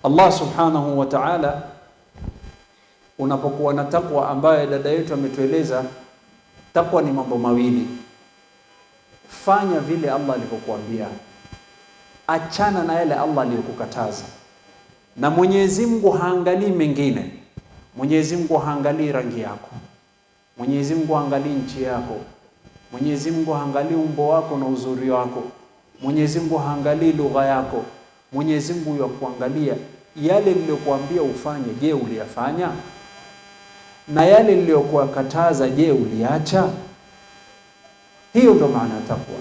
Allah subhanahu wa ta'ala, unapokuwa na takwa ambayo dada yetu ametueleza, takwa ni mambo mawili: fanya vile Allah alivyokuambia, achana na yale Allah aliyokukataza. Na Mwenyezi Mungu haangalii mengine. Mwenyezi Mungu haangalii rangi yako, Mwenyezi Mungu haangalii nchi yako, Mwenyezi Mungu haangalii umbo wako na uzuri wako, Mwenyezi Mungu haangalii lugha yako Mwenyezi Mungu akuangalia yale niliyokuambia ufanye, je, uliyafanya? Na yale niliyokuwakataza, je, uliacha? Hiyo ndo maana ya takwa,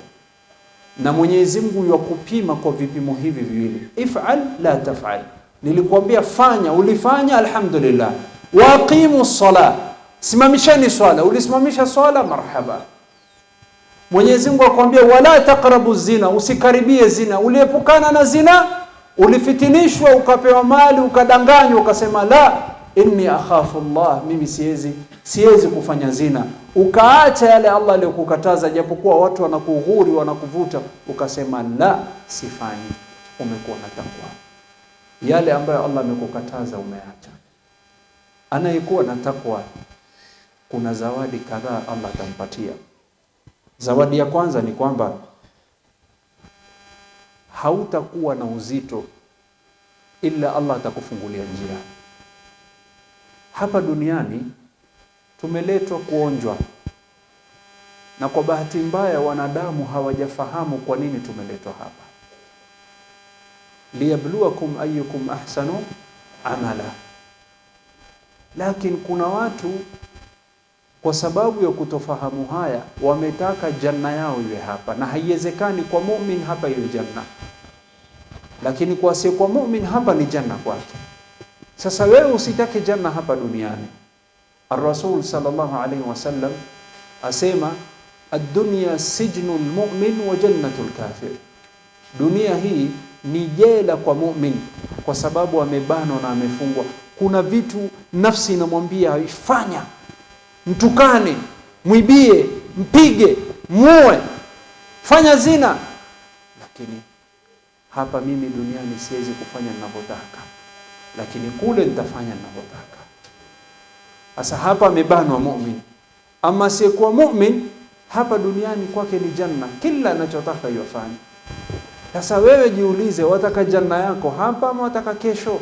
na Mwenyezi Mungu akupima kwa vipimo hivi viwili, ifal la tafal. Nilikuambia fanya, ulifanya, alhamdulillah. Waqimu sala, simamisheni swala, ulisimamisha swala, marhaba Mwenyezi Mungu akwambia, wala taqrabu zina, usikaribie zina. Uliepukana na zina, ulifitinishwa, ukapewa mali, ukadanganywa, ukasema la inni akhafu Allah, mimi siwezi siwezi kufanya zina, ukaacha yale Allah aliyokukataza, japokuwa watu wanakuhuri wanakuvuta, ukasema la, sifanyi. Umekuwa na takwa. Yale ambayo Allah amekukataza umeacha. Anayekuwa na takwa kuna zawadi kadhaa Allah atampatia. Zawadi ya kwanza ni kwamba hautakuwa na uzito ila Allah atakufungulia njia. Hapa duniani tumeletwa kuonjwa, na kwa bahati mbaya wanadamu hawajafahamu kwa nini tumeletwa hapa. liyabluwakum ayyukum ahsanu amala, lakini kuna watu kwa sababu ya kutofahamu haya, wametaka janna yao iwe hapa, na haiwezekani kwa mumin hapa iwe janna, lakini kwa sie kwa mumin hapa ni janna kwake. Sasa wewe usitake janna hapa duniani. Ar-Rasul sallallahu alaihi wasallam asema ad-dunya sijnu al-mu'min wa jannatu al-kafir, dunia hii ni jela kwa mumin, kwa sababu amebanwa na amefungwa. Kuna vitu nafsi inamwambia ifanya mtukane, mwibie, mpige, muue, fanya zina, lakini hapa mimi duniani siwezi kufanya ninavyotaka, lakini kule nitafanya ninavyotaka. Sasa hapa amebanwa muumini. Ama asiyekuwa muumini hapa duniani kwake ni janna, kila anachotaka yafanye. Sasa wewe jiulize, wataka janna yako hapa ama wataka kesho?